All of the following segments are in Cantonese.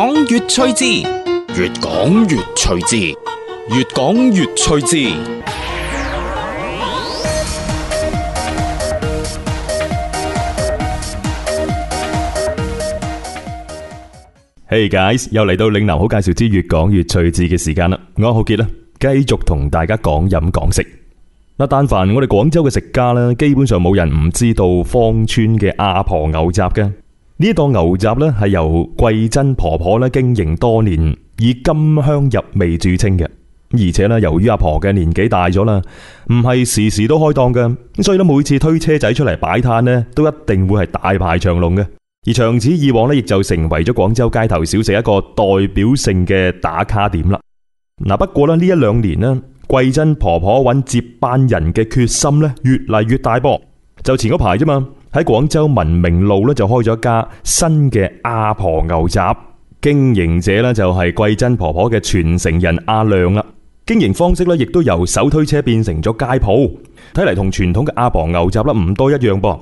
越講越趣致，越講越趣致，越講越趣致。Hey guys，又嚟到嶺南好介紹之「越講越趣致」嘅時間啦！我係浩杰啦，繼續同大家講飲講食。嗱，但凡我哋廣州嘅食家啦，基本上冇人唔知道芳村嘅阿婆牛雜嘅。呢檔牛雜呢，係由桂珍婆婆咧經營多年，以甘香入味著稱嘅。而且呢，由於阿婆嘅年紀大咗啦，唔係時時都開檔嘅，所以咧每次推車仔出嚟擺攤呢，都一定會係大排長龍嘅。而長此以往呢，亦就成為咗廣州街頭小食一個代表性嘅打卡點啦。嗱，不過呢，呢一兩年呢，桂珍婆婆揾接班人嘅決心呢，越嚟越大波，就前嗰排啫嘛。喺廣州文明路咧就開咗家新嘅阿婆牛雜，經營者咧就係貴珍婆婆嘅傳承人阿亮啦。經營方式咧亦都由手推車變成咗街鋪，睇嚟同傳統嘅阿婆牛雜咧唔多一樣噃。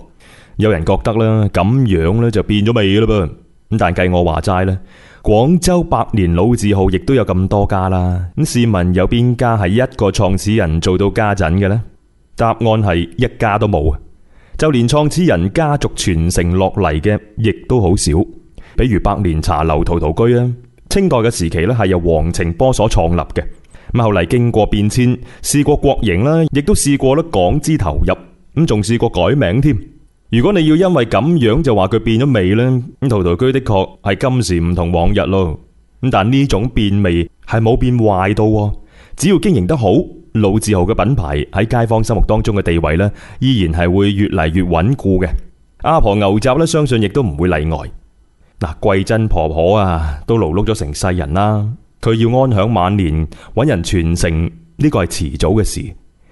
有人覺得啦，咁樣咧就變咗味啦噃。咁但計我話齋咧，廣州百年老字號亦都有咁多家啦。咁試問有邊家係一個創始人做到家陣嘅咧？答案係一家都冇。就連創始人家族傳承落嚟嘅，亦都好少。比如百年茶樓陶陶居啊，清代嘅時期咧係由黃澄波所創立嘅。咁後嚟經過變遷，試過國營啦，亦都試過咧港資投入，咁仲試過改名添。如果你要因為咁樣就話佢變咗味呢，咁陶陶居的確係今時唔同往日咯。但呢種變味係冇變壞到啊。只要經營得好，老字號嘅品牌喺街坊心目當中嘅地位呢，依然係會越嚟越穩固嘅。阿婆牛雜呢，相信亦都唔會例外。嗱，貴珍婆婆啊，都勞碌咗成世人啦，佢要安享晚年，揾人傳承，呢個係遲早嘅事。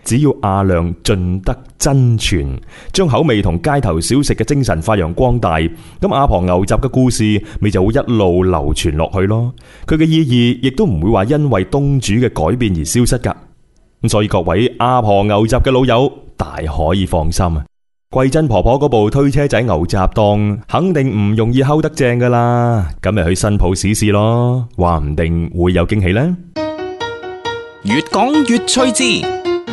只要阿亮盡得真傳，將口味同街頭小食嘅精神發揚光大，咁阿婆牛雜嘅故事咪就會一路流傳落去咯。佢嘅意義亦都唔會話因為東主嘅改變而消失噶。咁所以各位阿婆牛雜嘅老友大可以放心啊！貴珍婆婆嗰部推車仔牛雜檔肯定唔容易烤得正噶啦，咁咪去新埔試試咯，話唔定會有驚喜呢。越講越趣致。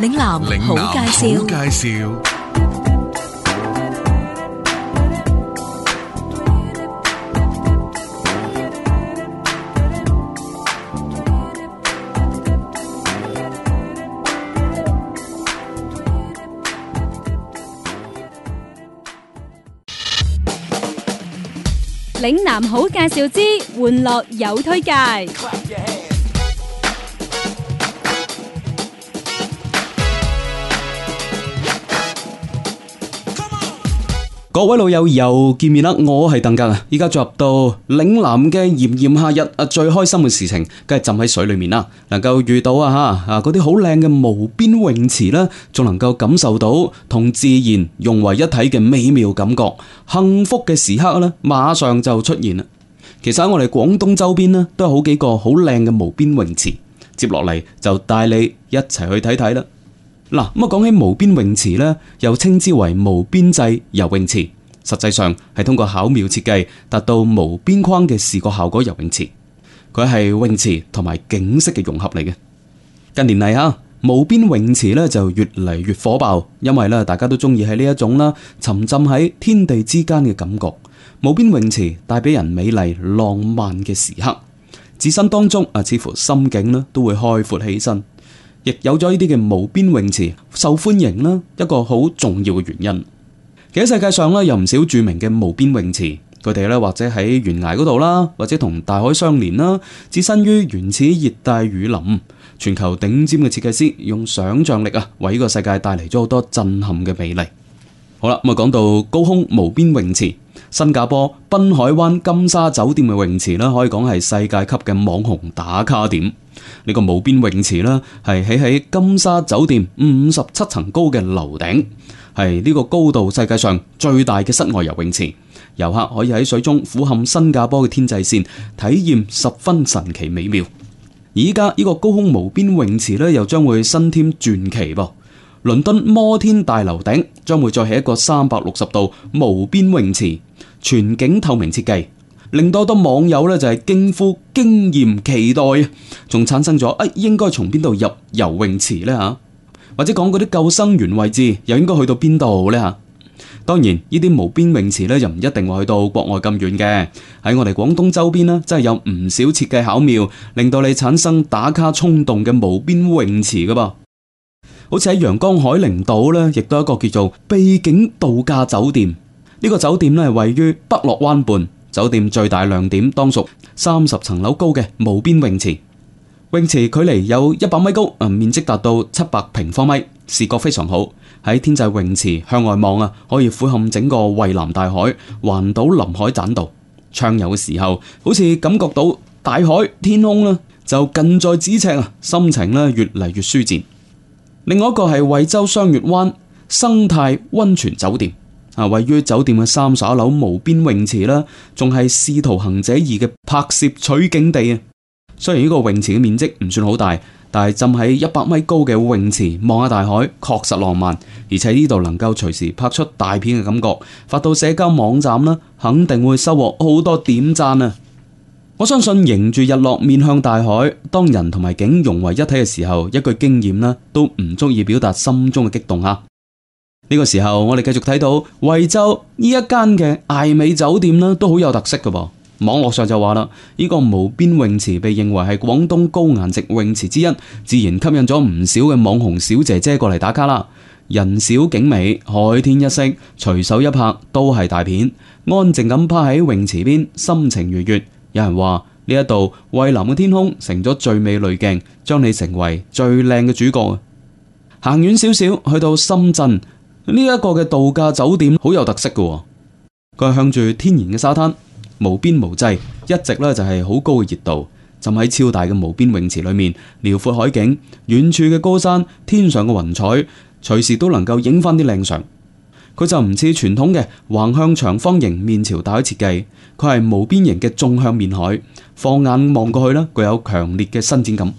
嶺南好介紹，嶺南好介紹。嶺南好介紹之玩樂有推介。各位老友又見面啦，我係鄧格啊，依家進入到嶺南嘅炎炎夏日啊，最開心嘅事情，梗係浸喺水裏面啦，能夠遇到啊吓啊嗰啲好靚嘅無邊泳池啦，仲能夠感受到同自然融為一體嘅美妙感覺，幸福嘅時刻啦，馬上就出現啦。其實喺我哋廣東周邊咧，都有好幾個好靚嘅無邊泳池，接落嚟就帶你一齊去睇睇啦。嗱，咁啊，講起無邊泳池咧，又稱之為無邊際游泳池，實際上係通過巧妙設計，達到無邊框嘅視覺效果游泳池。佢係泳池同埋景色嘅融合嚟嘅。近年嚟啊，無邊泳池咧就越嚟越火爆，因為咧大家都中意喺呢一種啦，沉浸喺天地之間嘅感覺。無邊泳池帶俾人美麗浪漫嘅時刻，置身當中啊，似乎心境咧都會開闊起身。亦有咗呢啲嘅無邊泳池受歡迎啦，一個好重要嘅原因。其實世界上咧有唔少著名嘅無邊泳池，佢哋咧或者喺懸崖嗰度啦，或者同大海相連啦，置身於原始熱帶雨林。全球頂尖嘅設計師用想像力啊，為呢個世界帶嚟咗好多震撼嘅魅力。好啦，咁啊講到高空無邊泳池。新加坡濱海灣金沙酒店嘅泳池啦，可以講係世界級嘅網紅打卡點。呢個無邊泳池啦，係起喺金沙酒店五十七層高嘅樓頂，係呢個高度世界上最大嘅室外游泳池。遊客可以喺水中俯瞰新加坡嘅天際線，體驗十分神奇美妙。而家呢個高空無邊泳池咧，又將會新添傳奇噃。倫敦摩天大樓頂將會再起一個三百六十度無邊泳池。全景透明設計，令多多網友咧就係驚呼、驚艷、期待仲產生咗啊，應該從邊度入游泳池呢？吓？或者講嗰啲救生員位置又應該去到邊度呢？吓？當然，呢啲無邊泳池呢，又唔一定話去到國外咁遠嘅，喺我哋廣東周邊呢，真係有唔少設計巧妙，令到你產生打卡衝動嘅無邊泳池噶噃。好似喺陽江海陵島呢，亦都有一個叫做秘境度假酒店。呢個酒店呢，位於北洛灣畔，酒店最大亮點當屬三十層樓高嘅無邊泳池，泳池距離有一百米高，面積達到七百平方米，視覺非常好。喺天際泳池向外望啊，可以俯瞰整個蔚藍大海、環島臨海棧道。暢游嘅時候，好似感覺到大海、天空呢，就近在咫尺啊，心情呢越嚟越舒展。另外一個係惠州雙月灣生態溫泉酒店。啊，位於酒店嘅三十一樓無邊泳池啦，仲係《師徒行者二》嘅拍攝取景地啊！雖然呢個泳池嘅面積唔算好大，但係浸喺一百米高嘅泳池望下大海，確實浪漫，而且呢度能夠隨時拍出大片嘅感覺，發到社交網站啦，肯定會收穫好多點讚啊！我相信迎住日落，面向大海，當人同埋景融為一體嘅時候，一句驚豔呢都唔足以表達心中嘅激動啊！呢個時候，我哋繼續睇到惠州呢一間嘅艾美酒店啦，都好有特色噶。網絡上就話啦，呢個無邊泳池被認為係廣東高顏值泳池之一，自然吸引咗唔少嘅網紅小姐姐過嚟打卡啦。人少景美，海天一色，隨手一拍都係大片。安靜咁趴喺泳池邊，心情愉悅。有人話呢一度蔚藍嘅天空成咗最美濾鏡，將你成為最靚嘅主角。行遠少少，去到深圳。呢一個嘅度假酒店好有特色嘅哦，佢係向住天然嘅沙灘，無邊無際，一直咧就係好高嘅熱度，浸喺超大嘅無邊泳池裏面，遼闊海景，遠處嘅高山，天上嘅雲彩，隨時都能夠影翻啲靚相。佢就唔似傳統嘅橫向長方形面朝大海設計，佢係無邊形嘅縱向面海，放眼望過去，呢具有強烈嘅伸展感。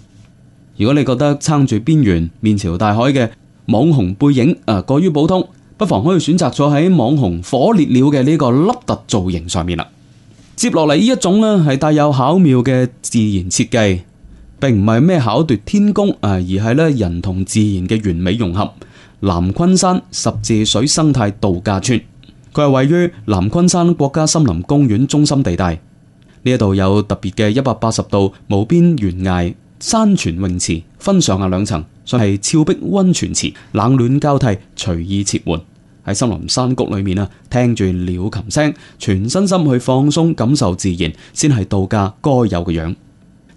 如果你覺得撐住邊緣面朝大海嘅，網紅背影啊，過於普通，不妨可以選擇坐喺網紅火烈鳥嘅呢個凹凸造型上面啦。接落嚟呢一種咧係帶有巧妙嘅自然設計，並唔係咩巧奪天工啊，而係咧人同自然嘅完美融合。南昆山十字水生態度假村，佢係位於南昆山國家森林公園中心地帶，呢一度有特別嘅一百八十度無邊懸崖。山泉泳池分上下兩層，係峭壁温泉池，冷暖交替，隨意切換。喺森林山谷裏面啊，聽住鳥琴聲，全身心去放鬆，感受自然，先係度假該有嘅樣。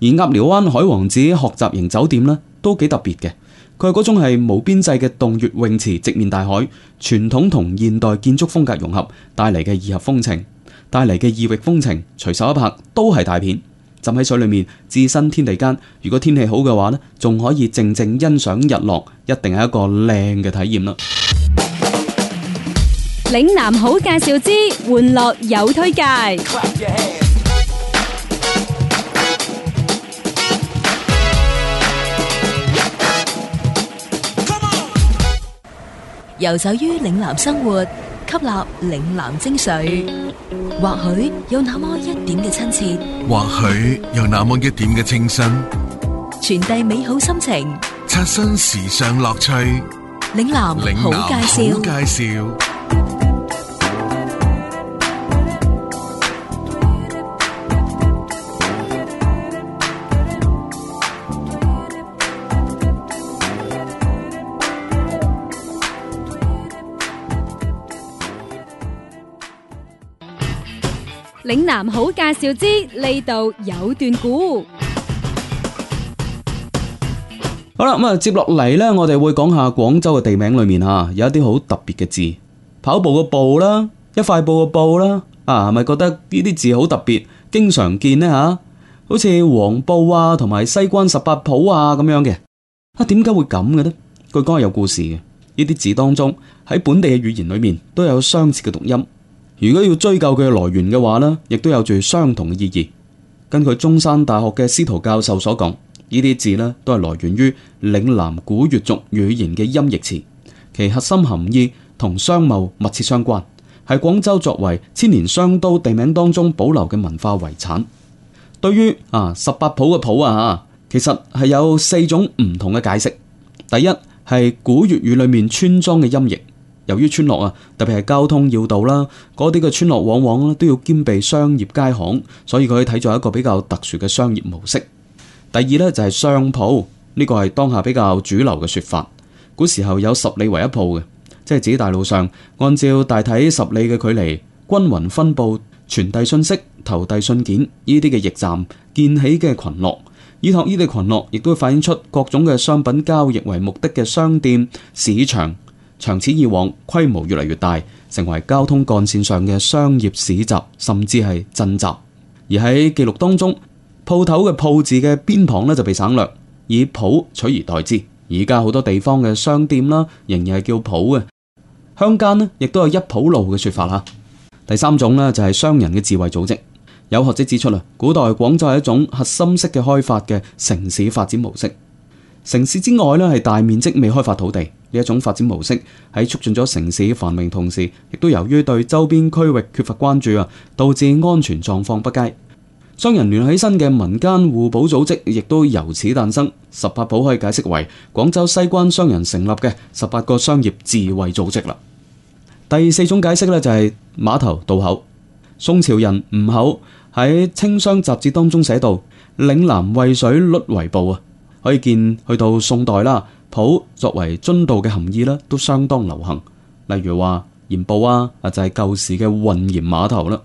而鴨寮灣海王子學習型酒店咧，都幾特別嘅，佢嗰種係無邊際嘅洞穴泳池，直面大海，傳統同現代建築風格融合，帶嚟嘅異合風情，帶嚟嘅異域風情，隨手一拍都係大片。浸喺水裏面，置身天地間。如果天氣好嘅話咧，仲可以靜靜欣賞日落，一定係一個靚嘅體驗啦！嶺南好介紹之，玩樂有推介。 遊走於嶺南生活。吸納嶺南精髓，或許有那麼一點嘅親切，或許有那麼一點嘅清新，傳遞美好心情，刷新時尚樂趣。嶺南好介紹。嶺南好介紹之，呢度有段古。好啦，咁啊，接落嚟咧，我哋會講下廣州嘅地名裏面啊，有一啲好特別嘅字，跑步個步啦，一塊布個布啦，啊，係咪覺得呢啲字好特別，經常見咧吓，好似黃埔啊，同埋西關十八鋪啊咁樣嘅，啊，點解會咁嘅咧？佢都係有故事嘅。呢啲字當中，喺本地嘅語言裏面都有相似嘅讀音。如果要追究佢嘅來源嘅話呢，亦都有住相同嘅意義。根據中山大學嘅司徒教授所講，呢啲字呢都係來源於嶺南古粵族語言嘅音譯詞，其核心含義同商貿密切相關，係廣州作為千年商都地名當中保留嘅文化遺產。對於啊十八甫嘅甫啊吓，其實係有四種唔同嘅解釋。第一係古粵語裏面村莊嘅音譯。由於村落啊，特別係交通要道啦，嗰啲嘅村落往往咧都要兼備商業街巷，所以佢睇咗一個比較特殊嘅商業模式。第二呢，就係、是、商鋪，呢、這個係當下比較主流嘅說法。古時候有十里為一鋪嘅，即係指大路上按照大體十里嘅距離均勻分布、傳遞信息、投遞信件呢啲嘅驛站建起嘅群落。依託呢啲群落，亦都會反映出各種嘅商品交易為目的嘅商店市場。長此以往，規模越嚟越大，成為交通幹線上嘅商業市集，甚至係鎮集。而喺記錄當中，鋪頭嘅鋪字嘅邊旁咧就被省略，以鋪取而代之。而家好多地方嘅商店啦，仍然係叫鋪嘅。鄉間咧，亦都有一鋪路嘅說法吓。第三種咧，就係商人嘅智慧組織。有學者指出啦，古代廣州係一種核心式嘅開發嘅城市發展模式。城市之外咧，係大面積未開發土地。一種發展模式喺促進咗城市繁榮同時，亦都由於對周邊區域缺乏關注啊，導致安全狀況不佳。商人聯起身嘅民間互補組織，亦都由此誕生。十八鋪可以解釋為廣州西關商人成立嘅十八個商業智慧組織啦。第四種解釋呢，就係碼頭渡口。宋朝人吳口喺《清商雜志》當中寫道：嶺南渭水略為布啊，可以見去到宋代啦。埔作為津渡嘅含義咧，都相當流行。例如話鹽步啊，就係舊時嘅運鹽碼頭啦。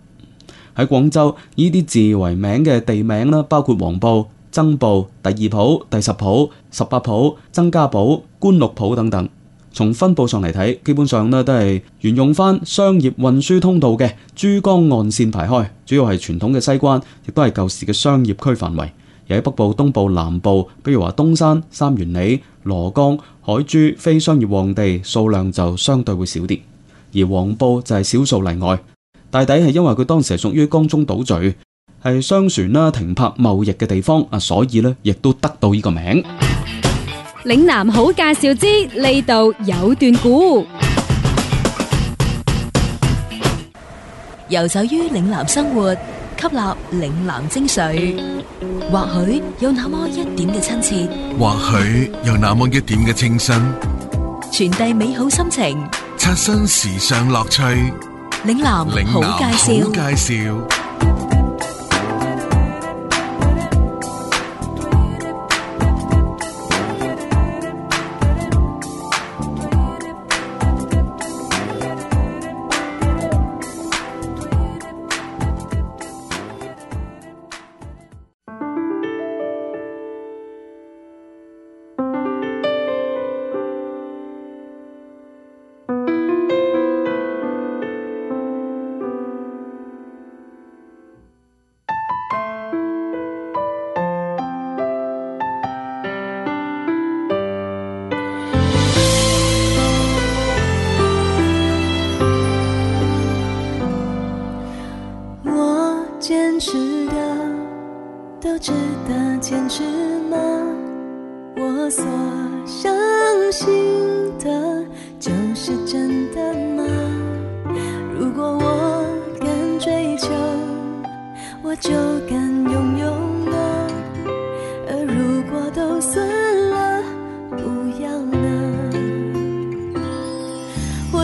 喺廣州，以啲字為名嘅地名啦，包括黃埔、增埔、第二埔、第十埔、十八埔、曾家埔、官祿埔等等。從分佈上嚟睇，基本上咧都係沿用翻商業運輸通道嘅珠江岸線排開，主要係傳統嘅西關，亦都係舊時嘅商業區範圍。而喺北部、東部、南部，比如話東山、三元里、蘿崗、海珠，非商業旺地，數量就相對會少啲。而黃埔就係少數例外，大抵係因為佢當時係屬於江中島嶼，係商船啦停泊貿易嘅地方啊，所以呢亦都得到呢個名。嶺南好介紹之，呢度有段古，遊走於嶺南生活。吸納嶺南精髓，或許有那麼一點嘅親切，或許有那麼一點嘅清新，傳遞美好心情，刷新時尚樂趣。嶺南好介紹。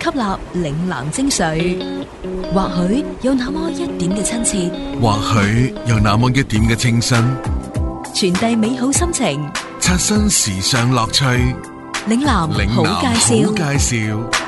吸納嶺南精髓，或許有那麼一點嘅親切，或許有那麼一點嘅清新，傳遞美好心情，刷新時尚樂趣。嶺南，好介紹。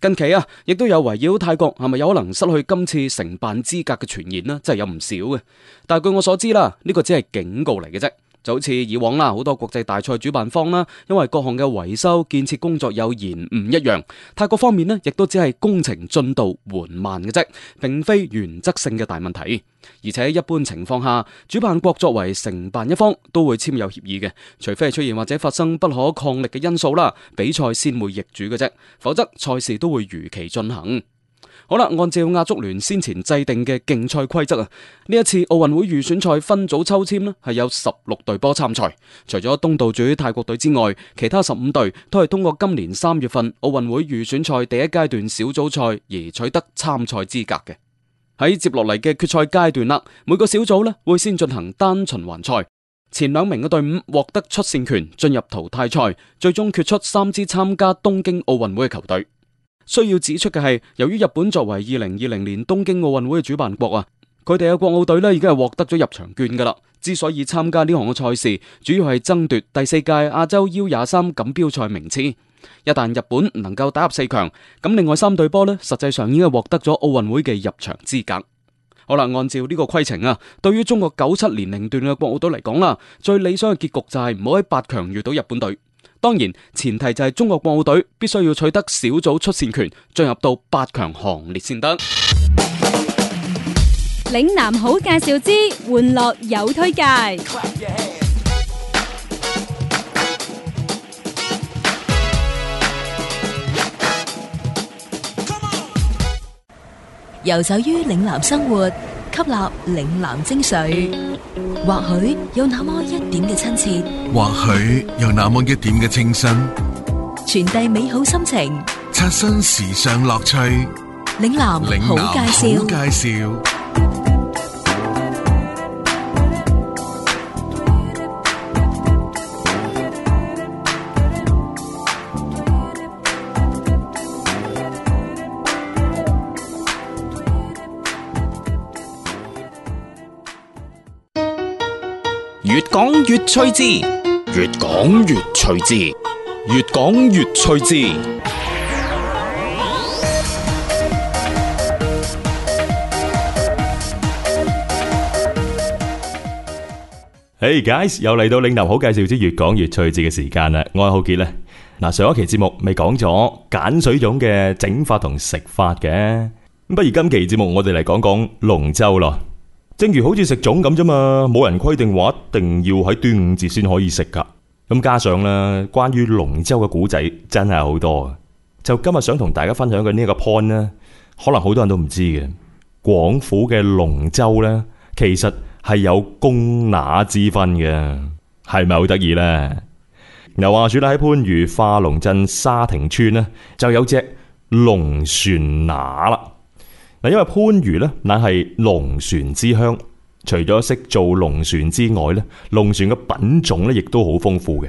近期啊，亦都有圍繞泰國係咪有可能失去今次承辦資格嘅傳言啦，真係有唔少嘅。但係據我所知啦，呢個只係警告嚟嘅啫。就好似以往啦，好多國際大賽主辦方啦，因為各項嘅維修建設工作有延誤一樣，泰國方面呢，亦都只係工程進度緩慢嘅啫，並非原則性嘅大問題。而且一般情況下，主辦國作為承辦一方都會簽有協議嘅，除非係出現或者發生不可抗力嘅因素啦，比賽先會易主嘅啫，否則賽事都會如期進行。好啦，按照亞足聯先前制定嘅競賽規則啊，呢一次奧運會預選賽分組抽籤呢，係有十六隊波參賽。除咗東道主泰國隊之外，其他十五隊都係通過今年三月份奧運會預選賽第一階段小組賽而取得參賽資格嘅。喺接落嚟嘅決賽階段啦，每個小組呢，會先進行單循環賽，前兩名嘅隊伍獲得出線權，進入淘汰賽，最終決出三支參加東京奧運會嘅球隊。需要指出嘅係，由於日本作為二零二零年東京奧運會嘅主辦國啊，佢哋嘅國奧隊咧已經係獲得咗入場券噶啦。之所以參加呢項嘅賽事，主要係爭奪第四屆亞洲 U 廿三錦標賽名次。一旦日本唔能夠打入四強，咁另外三隊波呢，實際上已經係獲得咗奧運會嘅入場資格。好啦，按照呢個規程啊，對於中國九七年齡段嘅國奧隊嚟講啦，最理想嘅結局就係唔好喺八強遇到日本隊。當然，前提就係中國國奧隊必須要取得小組出線權，進入到八強行列先得。嶺南好介紹之，玩樂有推介。遊走於嶺南生活。吸納嶺南精髓，或許有那麼一點嘅親切，或許有那麼一點嘅清新，傳遞美好心情，刷新時尚樂趣。嶺南好介紹，嶺南好介紹。越講越趣致，越講越趣致，越講越趣致。Hey guys，又嚟到嶺南好介紹之越講越趣致嘅時間啦！我係浩傑啦。嗱，上一期節目未講咗鹼水粽嘅整法同食法嘅，不如今期節目我哋嚟講講龍舟咯。正如好似食粽咁啫嘛，冇人規定話一定要喺端午節先可以食噶。咁加上咧，關於龍舟嘅古仔真係好多。就今日想同大家分享嘅呢個 point 咧，可能好多人都唔知嘅。廣府嘅龍舟呢，其實係有公乸之分嘅，係咪好得意呢？又話說啦，喺番禺化龍鎮沙亭村呢，就有隻龍船乸啦。嗱，因為番禺咧，乃係龍船之鄉。除咗識做龍船之外咧，龍船嘅品種咧，亦都好豐富嘅。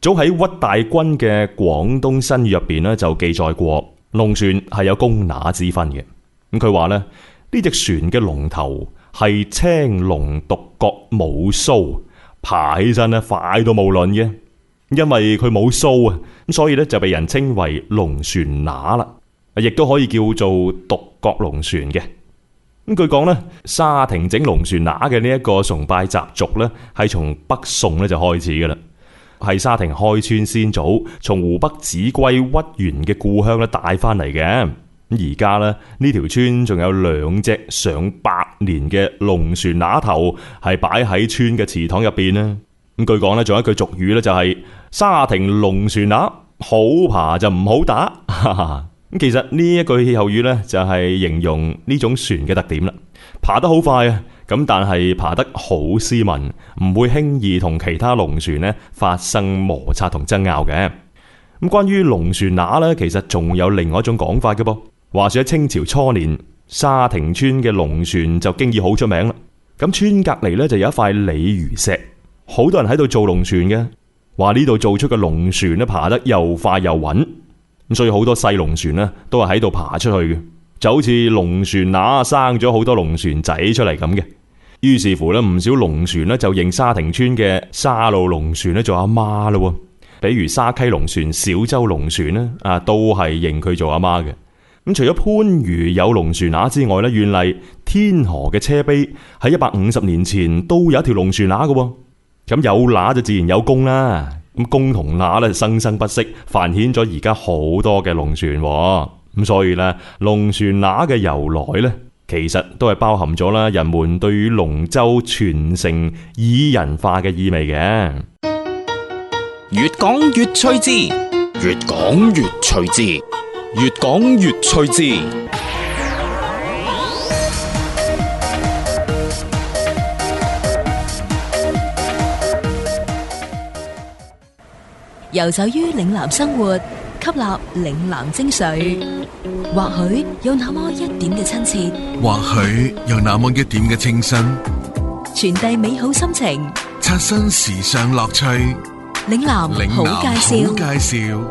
早喺屈大均嘅《廣東新語》入邊咧，就記載過龍船係有公乸之分嘅。咁佢話咧，呢隻船嘅龍頭係青龍獨角冇鬚，爬起身咧快到冇倫嘅。因為佢冇鬚啊，咁所以咧就被人稱為龍船乸啦。亦都可以叫做獨角龍船嘅。咁據講咧，沙亭整龍船乸嘅呢一個崇拜習俗呢，係從北宋咧就開始噶啦。係沙亭開村先祖從湖北秭歸屈原嘅故鄉咧帶翻嚟嘅。咁而家呢，呢條村仲有兩隻上百年嘅龍船乸頭係擺喺村嘅祠堂入邊啦。咁據講咧，仲有一句俗語呢，就是，就係沙亭龍船乸好爬就唔好打。 其實呢一句歇後語咧，就係形容呢種船嘅特點啦。爬得好快啊，咁但係爬得好斯文，唔會輕易同其他龍船咧發生摩擦同爭拗嘅。咁關於龍船乸咧，其實仲有另外一種講法嘅噃。話說喺清朝初年，沙亭村嘅龍船就經已好出名啦。咁村隔籬咧就有一塊鯉魚石，好多人喺度做龍船嘅，話呢度做出嘅龍船咧爬得又快又穩。咁所以好多細龍船咧，都係喺度爬出去嘅，就好似龍船乸生咗好多龍船仔出嚟咁嘅。於是乎咧，唔少龍船咧就認沙亭村嘅沙路龍船咧做阿媽咯。比如沙溪龍船、小洲龍船啦，啊，都係認佢做阿媽嘅。咁除咗番禺有龍船乸之外咧，原嚟天河嘅車陂喺一百五十年前都有一條龍船乸噶。咁有乸就自然有公啦。咁共同乸咧生生不息，繁衍咗而家好多嘅龍船，咁所以咧龍船乸嘅由來咧，其實都係包含咗啦，人們對於龍舟傳承擬人化嘅意味嘅。越講越趣致，越講越趣致，越講越趣致。遊走於嶺南生活，吸納嶺南精髓，或許有那麼一點嘅親切，或許有那麼一點嘅清新，傳遞美好心情，刷新時尚樂趣。嶺南好介紹。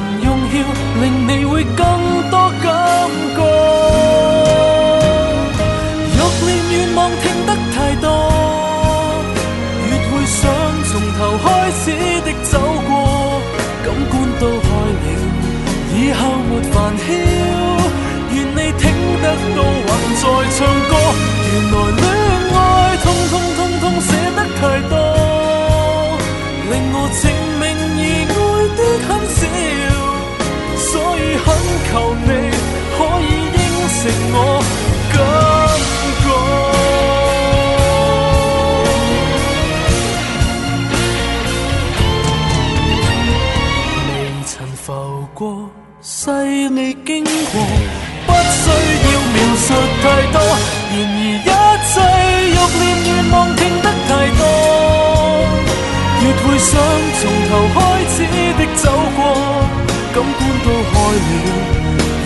煩囂，願你聽得到，還在唱歌。原來戀愛通通通通寫得太多，令我情明而愛的很少，所以懇求你可以應承我。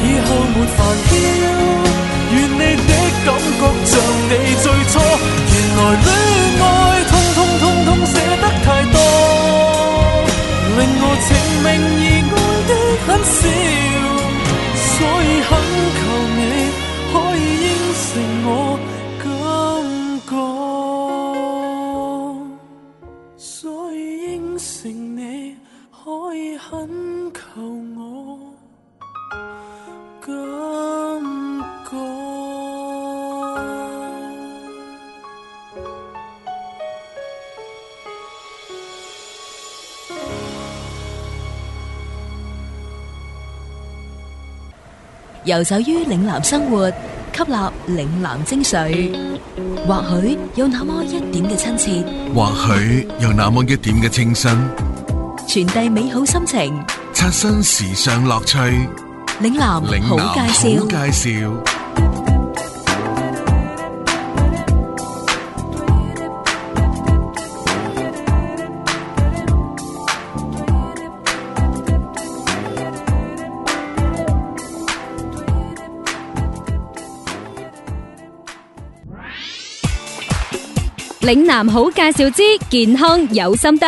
以後沒煩囂。 遊走於嶺南生活，吸納嶺南精髓，或許有那麼一點嘅親切，或許有那麼一點嘅清新，傳遞美好心情，刷新時尚樂趣。嶺南好介紹，嶺南好介紹。嶺南好介紹之健康有心得。